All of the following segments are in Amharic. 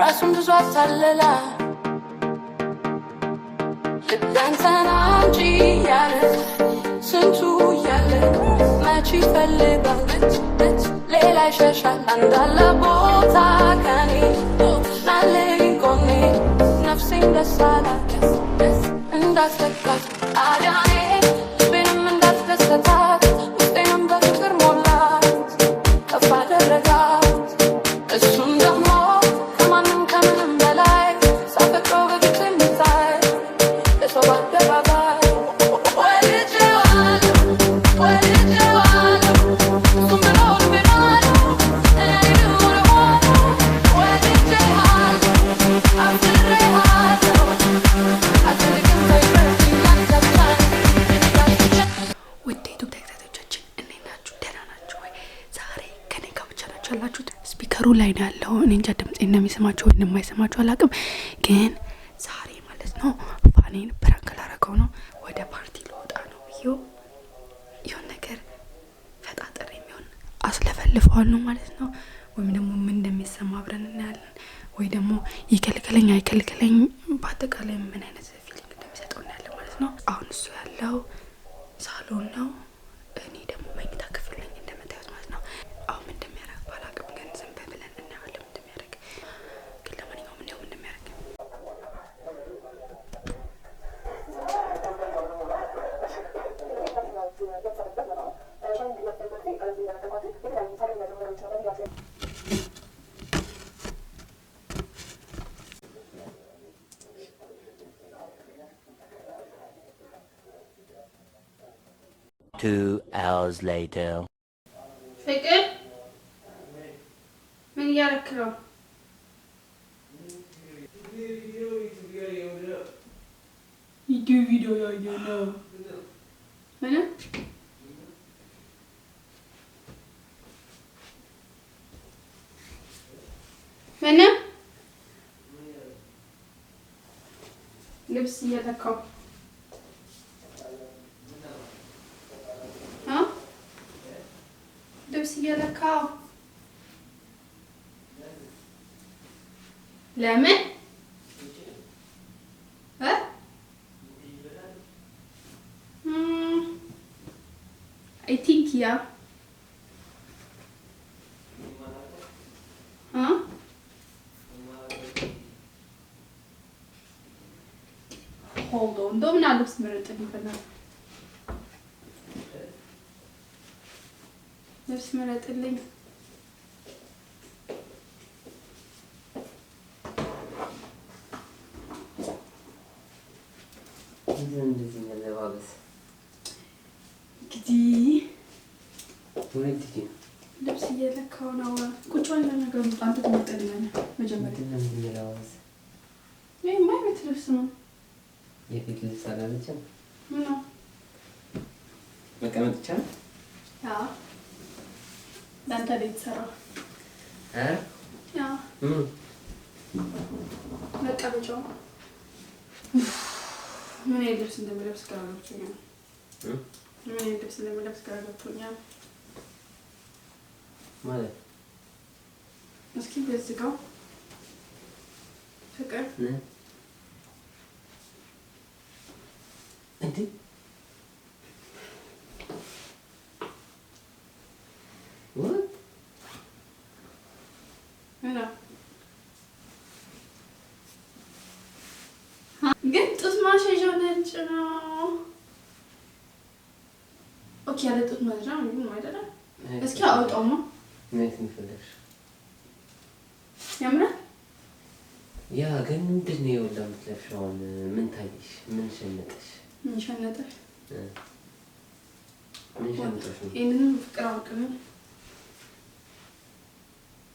ራሱን ብዙ አታለላ ልዳንተና አንቺ ያለ ስንቱ እያለ መች ይፈልጋል ብትብት ሌላ ይሸሻል አንዳለ ቦታ ከኔ ናለኝ ጎኔ ነፍሴን ደስ አላት አዳኔ ነው ያለው። እኔ እንጃ ድምጽ እንደሚሰማቸው ወይ እንደማይሰማቸው አላቅም፣ ግን ዛሬ ማለት ነው ፋኔን ፕራንክ ላረገው ነው። ወደ ፓርቲ ልወጣ ነው ብዬው ይሁን ነገር ፈጣጠር የሚሆን አስለፈልፈዋል ነው ማለት ነው። ወይም ደግሞ ምን እንደሚሰማ አብረን እናያለን። ወይ ደግሞ ይከልክለኝ አይከልክለኝ፣ በአጠቃላይ ምን አይነት ፊሊንግ እንደሚሰጠው እናያለን ማለት ነው። አሁን እሱ ያለው ሳሎን ነው Two hours later. ፍቅር ምን እያረክ ነው? ዩቲዩብ ቪዲዮ ያየ ነው። ምንም ምንም ልብስ እየተካው yere kal. Le mi? He? Hmm. I think ya. Yeah. Ha? Hold on. Domnul Alexandru, te-mi ልብስ ምረጥልኝ። ልብስ እየለካው ነው። ቁጭ ያለ ነገር አንተ ትመጣለህ። መጀመሪያ ይህማ የቤት ልብስ ነው። የቤት ልብስ አላለችም። ምነው መቀመጥ ይቻላል? ለአንተ ነው የተሰራው። መቀመጫው ምን ልብስ እንደምለብስ ግራ ገብቶኛል። ምን ልብስ እንደምለብስ ግራ ገብቶኛል ማለት እስኪ በዚህ ጋር ፍቅር ኦኬ፣ ያለ ጡት መረጃ ነው አይደለም። እስኪ አውጣው ነው ማየት እንፈልግሽ። ያ ግን ምንድን ነው የወላ የምትለብሺው? አሁን ምን ታየሽ? ምን ሸነጠሽ? ምን ሸነጠሽ? ምን ሸነጠሽ? ይሄንን ፍቅር አውቅም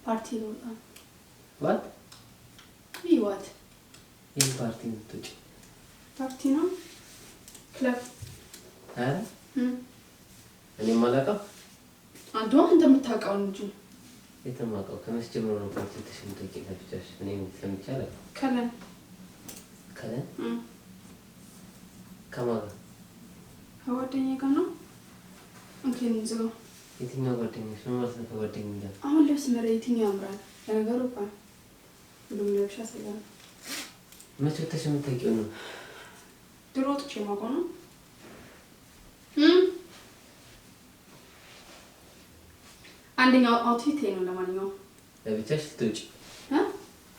ፓርቲ ነው ዋት ይዋት ይሄን ፓርቲ ነው ፓርቲ ነው ክለብ አረ እኔ ማላውቀው አንዱ አንተ የምታውቀው እንጂ የተማውቀው ከመቼ ጀምሮ ነው? ፓርቲሽን የምትወቂው ተብቻሽ እኔ ሰምቼ አላውቅም። ከለን ከለን ከማን ጋር ከጓደኛዬ ጋር ነው። እንትን ዝጋው። የትኛው ጓደኛሽ ነው ማለት ነው? ከጓደኛዬ ጋር አሁን ልብስ መረ የትኛው ያምራል? ለነገሩ እኮ ሁሉም ለብሻ ስለ መቼ ወተሽ የምታውቂው ነው? ድሮ ወጥቼ የማውቀው ነው። አንደኛው አውትፊት ነው። ለማንኛውም ለብቻሽ ልትወጪ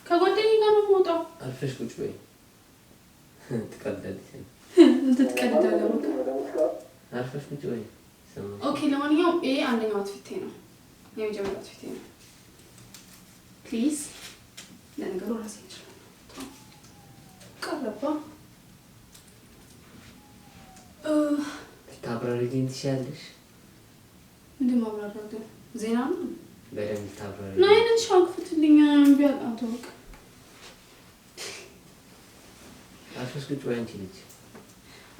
ከጓደኛ ጋር ነው የምወጣው። አልፈሽ ቁጭ በይ። ትቀልዳለች። አልፈሽ ቁጭ በይ። ኦኬ። ለማንኛውም ይሄ አንደኛው አውትፊት ነው፣ የመጀመሪያው አውትፊት ነው። ፕሊዝ። ለነገሩ ራሴ ይችላል ቀረባ ታብራሪ ትችያለሽ። እንዲህ ማብራሪያ ግን ዜና ነው። በደንብ ታበረ ነው። አይነት ሻው ክፍትልኛ ግጭ ወይ አንቺ ልጅ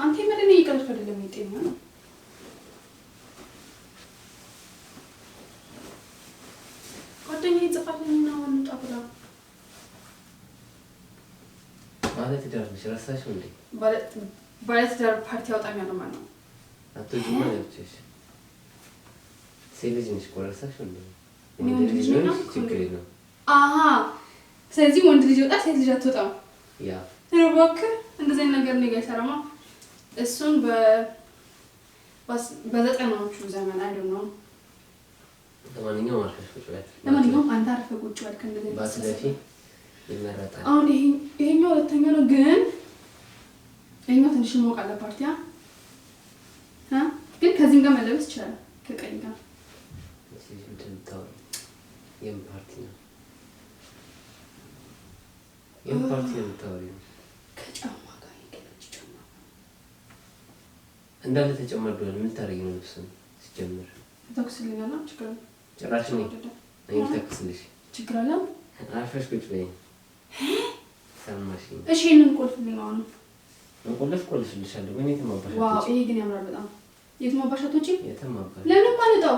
አንተ ምንድን ነው አይደለም? ይጤማ ነው ጓደኛዬ ብላ ነሽ እንዴ? ፓርቲ አውጣኛ ነው ማለት ነው። ማለት ነው። ሴልጅ ወንድ ልጅ ወጣ ሴት ልጅ አትወጣም። እባክህ እንደዚህ ዓይነት ነገር ነው እሱን በዘጠናዎቹ ዘመን አይደል ነው። ለማንኛውም አንተ አርፈህ ቁጭ በል። ይመረጣል። አሁን ይሄኛው ሁለተኛ ነው፣ ግን ይሄኛው ትንሽ መወቅ አለባት። ያ ግን ከዚህም ጋር መለበስ ይችላል ከቀኝ ጋር የምን ፓርቲ ነው? የምን ፓርቲ ነው የምታወሪው? ከጫማ ጋር የገለች ጫማ እንዳለ ተጨማድዷል። ምን ታደርጊ ነው? ልብስ ሲጀምር ተኩስልኛና ችግር አለ አርፈሽ ቁጭ በይ። ሰማሽኝ? እሺ እንቆልፍ ሊሆኑ እንቆልፍ ቆልፍልሻለሁ። ግን የትም አባሻ ይሄ ግን ያምራል በጣም የትም አባሻቶች የትም አባ ለምንም አልወጣው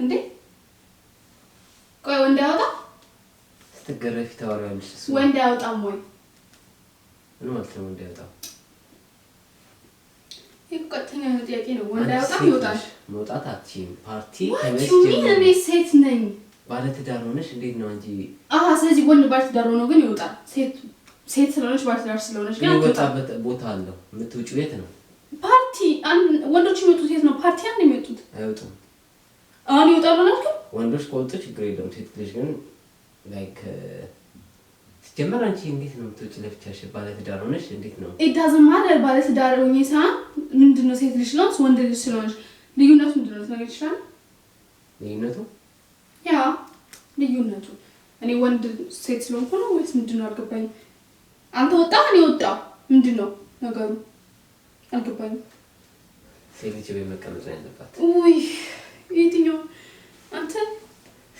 እንዴ ስትገረፊ ታወሪያለሽ። ወንድ አያወጣም ወይ? ምን ማለት ነው? ወንድ አያወጣም? ወንድ አያወጣም ይወጣል። ፓርቲ ሴት ነኝ። ባለትዳር ሆነሽ እንዴት ነው እንጂ? ስለዚህ ወንድ ባለትዳር ሆኖ ግን ይወጣል። ሴት ሴት ስለሆነች ባለትዳር ስለሆነች ግን ይወጣበት ቦታ አለው። የምትውጪው የት ነው? ፓርቲ ወንዶች የሚወጡት የት ነው? ፓርቲ አንድ የሚወጡት አይወጡም። አሁን ይወጣሉ ናቸው ወንዶች ከወጡ ችግር ሴት ልጅ ግን ላይክ uh, ጀመር አንቺ እንዴት ነው የምትወጪ? ለብቻሽ ባለ ሆነሽ እንዴት ነው ኢዳዝ ማደር ባለ ትዳር ሆኜ ሳ ምንድን ነው ሴት ልጅ ስለሆንሽ ወንድ ልጅ ስለሆንሽ ልዩነቱ ምንድን ነው? ነገር ይችላል ልዩነቱ ያ ልዩነቱ እኔ ወንድ ሴት ስለሆንኩ ነው ወይስ ምንድን ነው አልገባኝም። አንተ ወጣ እኔ ወጣ ምንድን ነው ነገሩ አልገባኝም። ሴት ልጅ ቤት መቀመጥ ነው ያለባት። ውይ የትኛው አንተ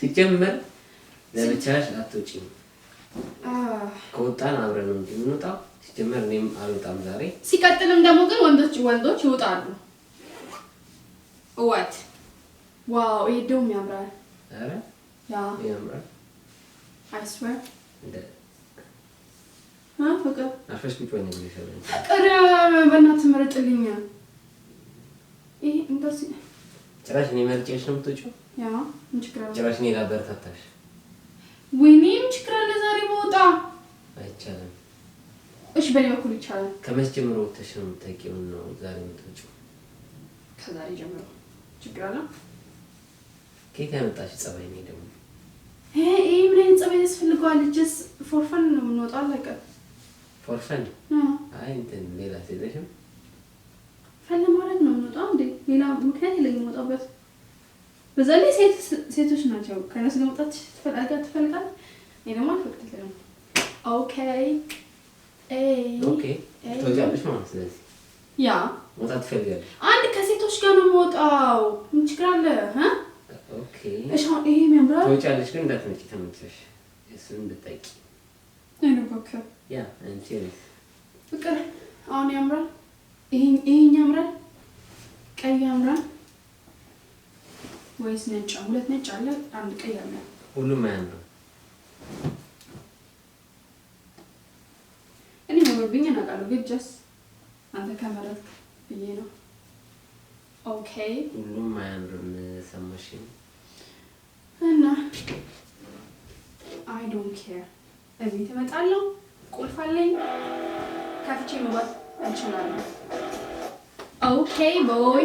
ሲጀመር ለብቻሽ አትውጪም። ከወጣን አብረን ነው የምንወጣው። ሲጀመር እኔም አልወጣም ዛሬ። ሲቀጥልም ደግሞ ግን ወንዶች ወንዶች ይወጣሉ። ወት ዋው! ይሄ ደውም ያምራል። ኧረ ያምራል። አይ ስዌር ፍቅር አፈሽ ቁጭ ወይኔ ብለሽ ፍቅር በእናትህ ምረጥልኛ። ይሄ እንደዚህ ጭራሽ እኔ መርጬሽ ነው የምትወጪው? ያ ምን ችግር አለ? ጭራሽ እኔ ላበረታታሽ ወይኔም ችግር አለ ዛሬ በወጣ አይቻልም። እሺ በኔ በኩል ይቻላል። ከመቼ ጀምሮ ወተሽ ነው የምታውቂው? ነው ዛሬ የምትወጪው? ከዛሬ ጀምሮ ችግር አለ። ከየት ያመጣሽ ጸባይ ነው ደግሞ? ይሄ ምን አይነት ጸባይ ያስፈልገዋል? ጀስ ፎርፈን ነው የምንወጣው። አለቀ። ፎርፈን? አይ እንትን ሌላ ሴለሽም ፈን ለማድረግ ነው የምንወጣው እንዴ? ሌላ ምክንያት የለኝም የምወጣበት በዛ ላይ ሴቶች ናቸው። ከእነሱ ጋር መውጣት ትፈልጋ ትፈልጋል። እኔ ደግሞ አልፈቅድልም። ኦኬ ያ መውጣት ትፈልጋለች። አንድ ከሴቶች ጋር ነው የምወጣው። ምን ችግር አለ? ይሄ የሚያምራል። ትወጫለሽ ግን እንዳትመጪ ተመልሰሽ እሱን ብትጠይቂ ፍቅር። አሁን ያምራል። ይሄ ያምራል። ቀይ ያምራል ወይስ ነጭ? ሁለት ነጭ አለ፣ አንድ ቀይ አለ። ሁሉም አያምርም። እኔ ያምርብኝ አውቃለሁ ግን ጀስ አንተ ከመረጥክ ብዬ ነው። ኦኬ ሁሉም አያምርም። ሰማሽ? እና አይ ዶንት ኬር። እዚህ ትመጣለሁ፣ ቁልፍ አለኝ፣ ከፍቼ መግባት እንችላለን። ኦኬ ቦይ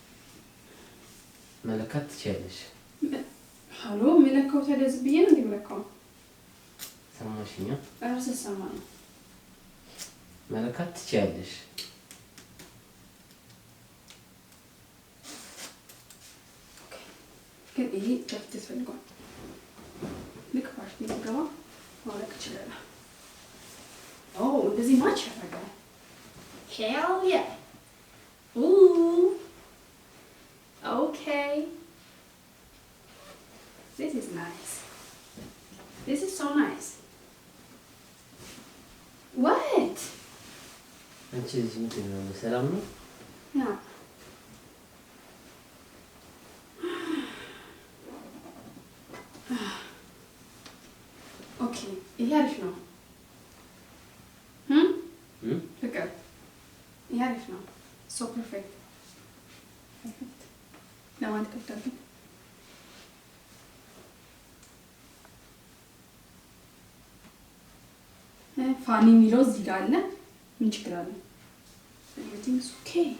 መለካት ትችያለሽ። ሀሎ መለካው ታዲያ ዝም ብዬ ነው እንደመለካው? ሰማሽኛ? እራስህ ሰማ ነው። መለካት ትችያለሽ። ግን ይሄ ደፍት ይፈልጋል። ልክ ፓርቲ ስገባ ማውለቅ ይችላል። እንደዚህ ማች ያደርጋል። ሄል ያ አንቺ ልጅ ምንድን ነው? ሰላም ነው? ኦኬ፣ ይሄ አሪፍ ነው። ፍቅር፣ ይሄ አሪፍ ነው። ሶ ፐርፌክት ፋኒ የሚለው እዚህ ጋር አለ። ምን ችግር Everything's okay.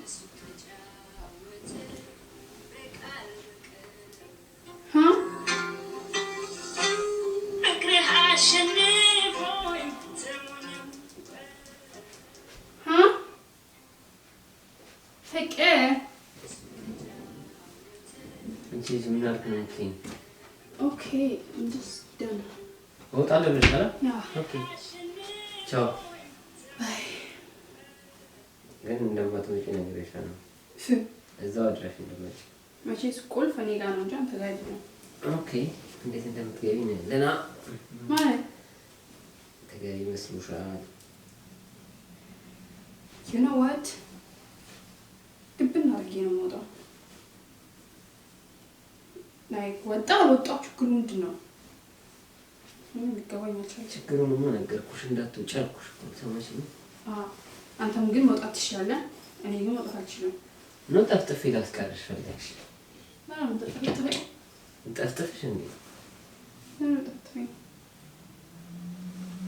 Huh? Huh? ፍቅር ኦኬ ቻው ግን እንደማትመጪ ነግሬሻለሁ። እዛው አድራሽ እንደማትመጪ መቼስ ቁልፍ እኔ ጋር ነው እንጂ አንተ ጋር አይደለም። ኦኬ፣ እንዴት እንደምትገቢ ገና ማለት ተገቢ መስሎሻል? ዩ ኖ ዋት ግብና አድርጌ ነው የምወጣው። ላይክ ወጣ አልወጣሁ ችግሩ ምንድን ነው? ምን ይገባኛል? ችግሩንማ ነገርኩሽ፣ እንዳትወጪ አልኩሽ። ተመችኝ። አዎ አንተም ግን መውጣት ትችላለህ። እኔ ግን መውጣት አልችልም። ምን ጠፍጥፌ ላስቀርሽ ፈለግሽ? ጠፍጥፍሽ እንዴ?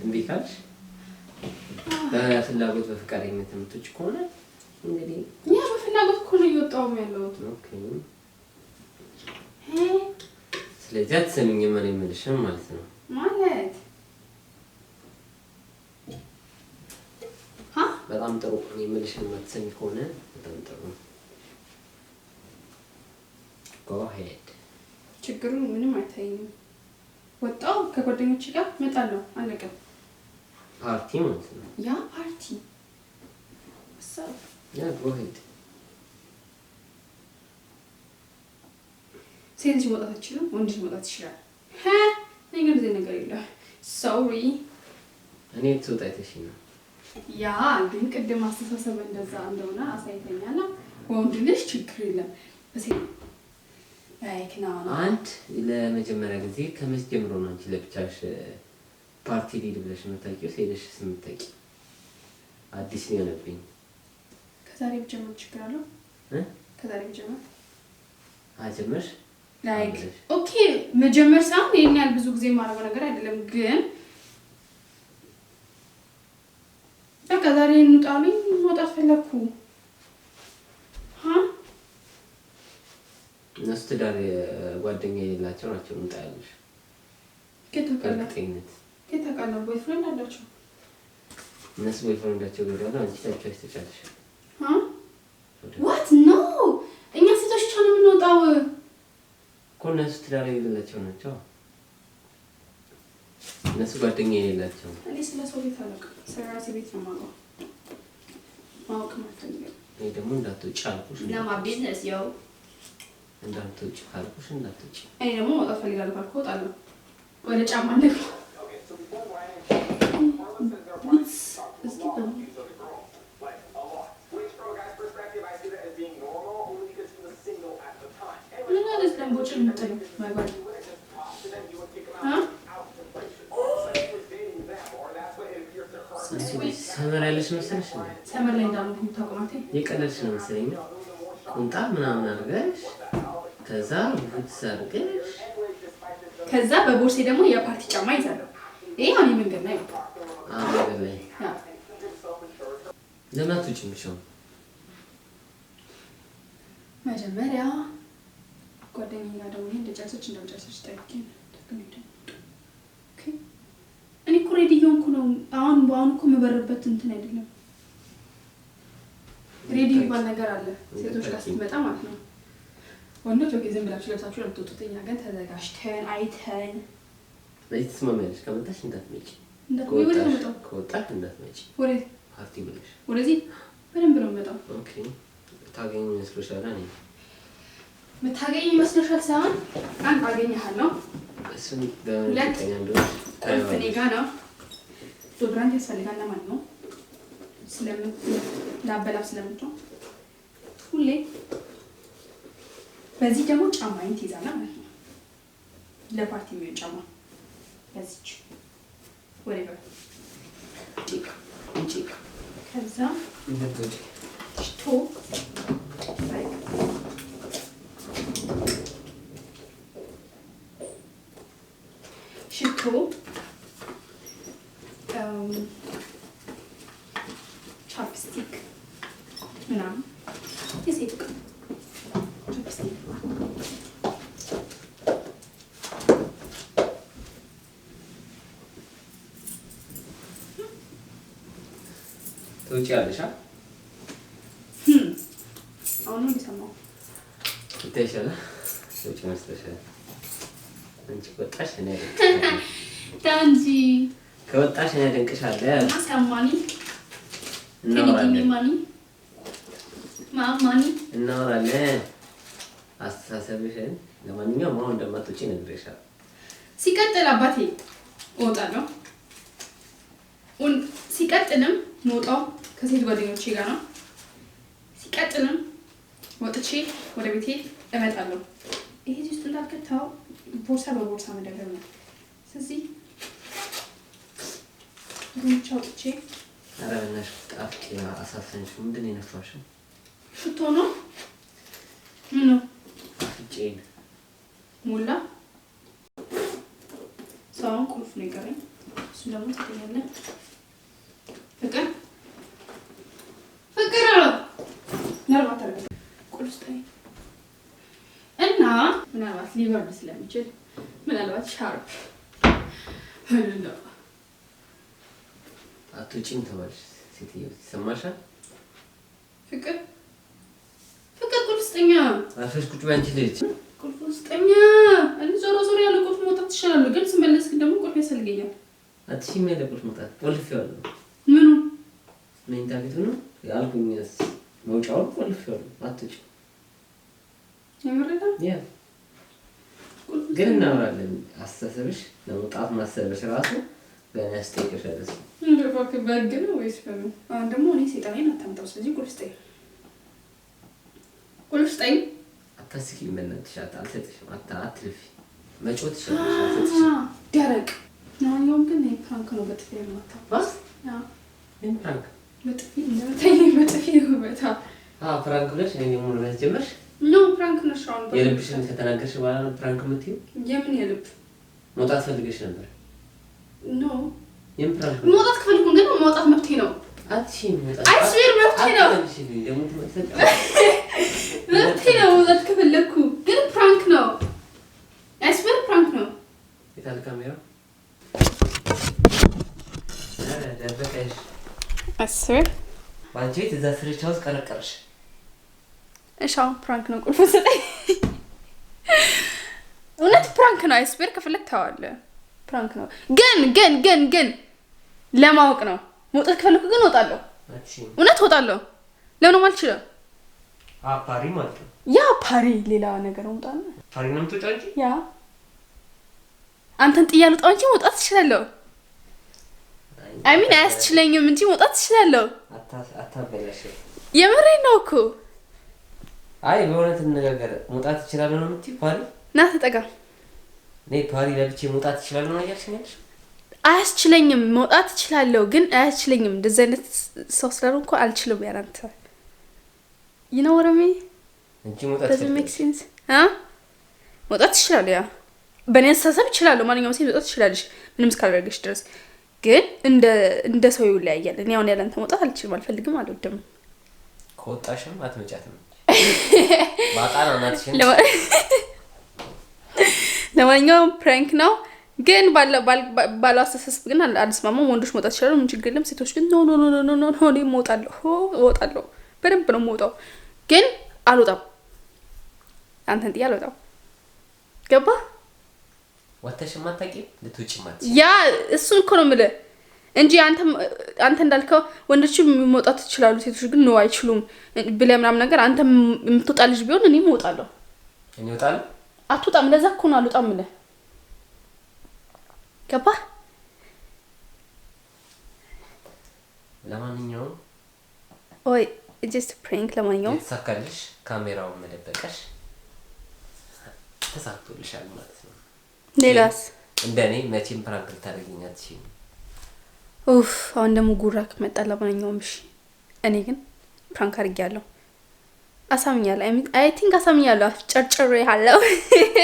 እምቢ ካልሽ በፍላጎት በፈቃደኝነት የምትወጪ ከሆነ እንግዲህ እኛ በፍላጎት እኮ ነው እየወጣሁም ያለሁት። ስለዚህ አትሰሚኝም እኔ የምልሽም ማለት ነው ማለት በጣም ጥሩ እኔ የምልሽን የማትሰሚ ከሆነ በጣም ጥሩ ጎሄድ ችግሩ ምንም አይታይኝም። ወጣው ከጓደኞች ጋር መጣለው አለቀም። ፓርቲ ማለት ነው ያ ፓርቲ ያ ጎ ሄድ ሴት ልጅ መውጣት አትችልም፣ ወንድ ልጅ መውጣት ይችላል። ነገር ዜ ነገር የለም። ሶሪ እኔ ትወጣ አይተሽኝ ነው ያ ግን ቅድም አስተሳሰብ እንደዛ እንደሆነ አሳይተኛና ወንድ ልጅ ችግር የለም። አንድ ለመጀመሪያ ጊዜ ከመቼ ጀምሮ ነው አንቺ ለብቻሽ ፓርቲ ብለሽ የምታውቂው? ሄደሽ ስምታውቂ አዲስ ነው የሆነብኝ። ከዛሬ ብጀምር ችግር አለው? ከዛሬ ብጀምር ላይክ ኦኬ መጀመር ሳይሆን ይሄን ያህል ብዙ ጊዜ የማደርገው ነገር አይደለም ግን ዛሬ እንውጣሉኝ መውጣት ፈለግኩ። እነሱ ትዳር ጓደኛ የሌላቸው ናቸው። እንውጣ ያሉሽ ጌታቃላጤነት ጌታቃላ ቦይፍሬንድ አላቸው። እነሱ ቦይፍሬንዳቸው ገዳሉ። አንቺ ታቸው አይተቻለሽ። ዋት ኖ እኛ ሴቶች ቻ ነው የምንወጣው እኮ። እነሱ ትዳር የሌላቸው ናቸው። እነሱ ጓደኛ የሌላቸው እኔ ስለ ሰው ቤት አላውቅም። ስለ ራሴ ቤት ነው የማውቀው። Ok, mă de mult dat business, eu. Îndată ce calcul și îndată nu mă de calcul, dar nu. Păi de ce am mandat? Deschidem. Nu, nu, despre îmbucel, nu, nu, nu, nu, nu, nu, nu, nu, nu, ሰመር ያለሽ መሰለሽ ነው። ሰመር ላይ እንዳሉ ተቋማት የቀለልሽ ነው መሰለኝ። ቁንጣ ምናምን አድርገሽ ከዛ ቡትስ አድርገሽ ከዛ በቦርሴ ደግሞ የፓርቲ ጫማ ይዛለሁ። ይሄ አሁን መንገድ ላይ ነው። አዎ መንገድ ላይ ለምን አትውጪም? ብቻውን መጀመሪያ ጓደኛዬ ጋር ደውዬ እንደጨረሰች እንደምጨረሰች ጠይቄ ነው። እኔ እኮ ሬዲ እየሆንኩ ነው። አሁን በአሁን እኮ የምበርበት እንትን አይደለም። ሬዲ የሚባል ነገር አለ፣ ሴቶች ጋር ስትመጣ ማለት ነው። ወንዶች ኦኬ፣ ዝም ብላችሁ ለብሳችሁ ነው የምትወጡት። እኛ ግን ተዘጋጅተን አይተን በዚህ ትስማሚያለሽ። ከመጣሽ እንዳትመጪ፣ ከወጣሽ እንዳትመጪ። ፓርቲ ብለሽ ወደዚህ በደንብ ነው የምመጣው። ታገኝ ይመስልሻል? እኔ የምታገኝ ይመስልሻል ሳይሆን አንድ አገኘሃለሁ ጋ ነው። ዶድራንት ያስፈልጋል ለማለት ነው። ለአበላብ ስለምትሆን ሁሌ በዚህ ደግሞ ጫማዬን ትይዛለህ ማለት ነው። ለፓርቲ የሚሆን ጫማ በዚች ወሬበር ከዛ ሽቶ እውጭ ያለሻ አሁን ሰማሁ ይታይሻል። እውጭ መስለሻል። ከወጣሽ እኔ አደንቅሻለሁ። አስተሳሰብሽን ለማንኛውም አሁን እንደማትወጪ ነግሬሻለሁ። ሲቀጥል አባቴ እወጣለሁ። ሲቀጥልም መውጣው ከሴት ጓደኞቼ ጋር ነው። ሲቀጥልም ወጥቼ ወደ ቤቴ እመጣለሁ። ይሄ ውስጥ እንዳልከታው ቦርሳ በቦርሳ መደገብ ነው። ስለዚህ ጉንቻ ወጥቼ አረብናሽ ጣፍ አሳሰንሽ ምንድን የነፋሽ ሽቶ ነው? ምን ነው አፍጬን ሞላ ሰውን ቁልፍ ነው የቀረኝ። እሱ ደግሞ ትገኛለን ፍቅር ፍቅር ምናልባት ቁርስ እና ምናልባት ሊበርድ ስለሚችል ምናልባት ሻርፕ አትወጪም ተባልሽ ሴትዮ ይሰማሻል። ፍቅር ፍቅር ቁልፍ ስጠኛ። አፈሽ ቁጭ ባንቺ ልጅ ቁልፍ ስጠኛ። እኔ ዞሮ ዞሮ ያለ ቁልፍ መውጣት ትችላለሁ፣ ግን ስመለስ ግን ደግሞ ቁልፍ ያስፈልገኛል። አትሽም ያለ ቁልፍ መውጣት ቁልፍ ያለው መኝታ ቤቱ ነው አልኩኝ። መውጫውን ቆልፌዋለሁ። ያ ግን እናወራለን። አስተሳሰብሽ ለመውጣት ማሰብሽ ራሱ ገና ያስጠይቅሻል። እሱ በህግ ነው ወይስ በምን? አሁን ደግሞ እኔ ሴጣኔን አታምጣው። ስለዚህ ቁልፍ ስጠኝ፣ ቁልፍ ስጠኝ። አታስቂኝ፣ በእናትሽ አልሰጥሽም። አትልፊ፣ መጮት ትችላለሽ። ደረቅ ግን ፕራንክ ነው። ማታ ባስ ፕራንክ መጥፊ ውበታ ፍራንክ ብለሽ እኔ ሙሉ ነት ጀመርሽ ኖ ፍራንክ ነሽ። አሁን የልብሽን ከተናገርሽ በኋላ ነው ፍራንክ የምትይው። የምን የልብ መውጣት ፈልገሽ ነበር? ኖ የምን ፍራንክ መውጣት ከፈልኩ ግን መውጣት መብቴ ነው። አትሽም መውጣት አይስዌር መብቴ ነው። መብቴ ነው መውጣት ከፈለግኩ ግን ፍራንክ ነው። አይስዌር ፍራንክ ነው። የታል ካሜራ ደበቀሽ አስር አንቺ ቤት እዛ ስርቻ ውስጥ ቀረቀረሽ። ፕራንክ ነው። ቁልፉ ስጠኝ። እውነት ፕራንክ ነው። ፕራንክ ነው። ግን ግን ግን ግን ለማወቅ ነው። መውጣት ከፈለኩ ግን እወጣለሁ። እውነት እወጣለሁ። ለምን ማለት ነው። ያ ሌላ ነገር መውጣ ነው። ፓሪ ነው ያ አንተን ጥያ ልውጣ እንጂ መውጣት ትችላለህ። አይሚን አያስችለኝም እንጂ መውጣት አታበላሽ። የምሬ ነው እኮ። አይ በእውነት እንነጋገር። መውጣት ትችላለሁ ነው የምትይው? ፓሪ ና ተጠጋ። እኔ ፓሪ ለብቼ መውጣት ትችላለሁ ነው እያልሽኝ አያስችለኝም። መውጣት ትችላለሁ ግን አያስችለኝም። እንደዚህ አይነት ሰው ስላልሆንኩ አልችልም። ያላንተ ይነወረሜ እንጂ መውጣት ሜክሲንስ መውጣት ትችላለሁ። ያ በእኔ አስተሳሰብ እችላለሁ። ማንኛውም ሴት መውጣት ትችላለሽ ምንም እስካላደረገሽ ድረስ ግን እንደ ሰው ይለያያል። እኔ አሁን ያላንተ መውጣት አልችልም፣ አልፈልግም፣ አልወድም። ከወጣሽም አትመጫትም። ለማንኛውም ፕራንክ ነው። ግን ባለው አስተሳሰብ ግን አልስማማም። ወንዶች መውጣት ይችላሉ፣ ምን ችግር የለም። ሴቶች ግን ኖ ኖ ኖ ኖ ኖ ኖ እወጣለሁ፣ እወጣለሁ፣ በደንብ ነው የምወጣው። ግን አልወጣም፣ አንተን ጥዬ አልወጣም። ገባ ወተሽማ ታቂም ልትውጭማ ያ እሱን እኮ ነው የምልህ እንጂ አንተ እንዳልከው ወንዶች መውጣት ይችላሉ፣ ሴቶች ግን ነው አይችሉም ብለህ ምናምን ነገር አንተ የምትወጣ ልጅ ቢሆን እኔም እወጣለሁ። እኔ እወጣለሁ። አትወጣም። ለዛ እኮ ነው አልወጣም ለማንኛውም ወይ ጀስት ለማንኛውም ተሳካልሽ፣ ካሜራውን መደበቀሽ ተሳክቶልሻል ማለት ሌላስ እንደ እኔ መቼም ፕራንክ ልታደርገኛት ሲ ኡፍ አሁን ደግሞ ጉራ ከመጣ ለማንኛውም እሺ እኔ ግን ፕራንክ አድርጌያለሁ አሳምኛለሁ አይ ቲንክ አሳምኛለሁ አፍጨርጭሬያለሁ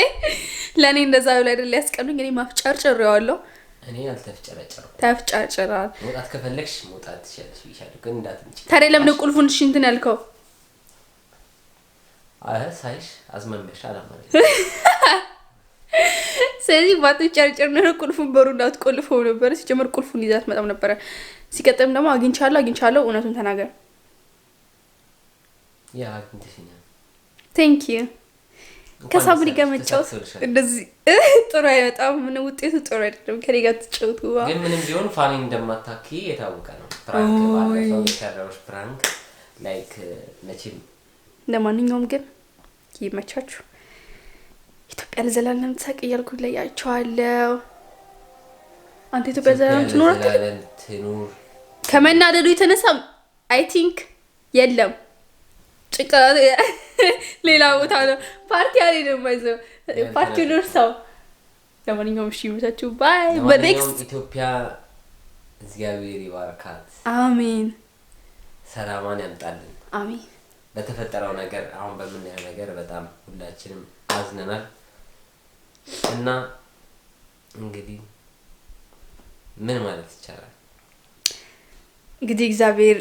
ለእኔ እንደዛ ብሎ አይደል ያስቀኑኝ እኔ ማፍጨርጭሬዋለሁ እኔ አልተፍጨረጨርኩም ተፍጨርጭራል መውጣት ከፈለግሽ መውጣት ትችያለሽ ብዬሻለሁ ግን እንዳትንጭ ታዲያ ለምን ቁልፉን እሺ እንትን ያልከው አይ ሳይሽ አዝማሚያሽ አላማለኝ ስለዚህ ባትጨርጭር ነው ቁልፉን በሩ እንዳትቆልፈው ነበረ። ሲጀምር ቁልፉን ይዛት መጣም ነበረ። ሲቀጥም ደግሞ አግኝቻለሁ አግኝቻለሁ፣ እውነቱን ተናገር። ቴንክ ዩ ከሳምሪ ጋር መጫወት እንደዚህ ጥሩ አይመጣም። ምን ውጤቱ ጥሩ አይደለም። ከኔ ጋር ትጫወቱ ግን ምንም ቢሆን ፋኒ እንደማታኪ የታወቀ ነው። ፕራንክ ባለፈው ፕራንክ ላይክ መቼም። እንደማንኛውም ግን ይመቻችሁ። ኢትዮጵያ ለዘላለም ትሳቅ እያልኩ እለያቸዋለሁ። አንተ ኢትዮጵያ ዘላለም ትኖር ከመናደዱ የተነሳ አይ ቲንክ የለም ጭንቅላት ሌላ ቦታ ነው። ፓርቲ አሌ ነው ማይዘ ፓርቲ ኖር ሰው ለማንኛውም እሺ ይመቻችሁ። ባይ በኔክስት ኢትዮጵያ እግዚአብሔር ይባርካት። አሜን። ሰላማን ያምጣልን። አሜን። በተፈጠረው ነገር አሁን በምናየው ነገር በጣም ሁላችንም አዝነናል። እና እንግዲህ ምን ማለት ይቻላል? እንግዲህ እግዚአብሔር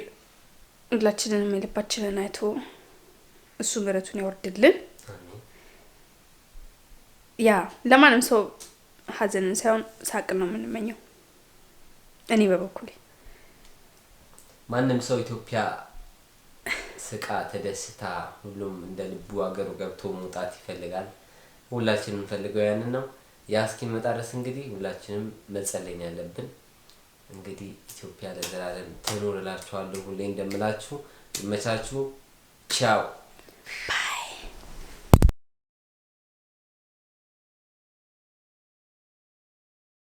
ሁላችንንም የልባችንን አይቶ እሱ ምሕረቱን ያወርድልን። ያ ለማንም ሰው ሐዘንን ሳይሆን ሳቅ ነው የምንመኘው። እኔ በበኩሌ ማንም ሰው ኢትዮጵያ ስቃ ተደስታ ሁሉም እንደ ልቡ ሀገሩ ገብቶ መውጣት ይፈልጋል። ሁላችንም እንፈልገው ያንን ነው። ያ እስኪመጣ ድረስ እንግዲህ ሁላችንም መጸለኝ ያለብን እንግዲህ ኢትዮጵያ ለዘላለም ትኑር እላችኋለሁ። ሁሌ እንደምላችሁ ይመቻችሁ። ቻው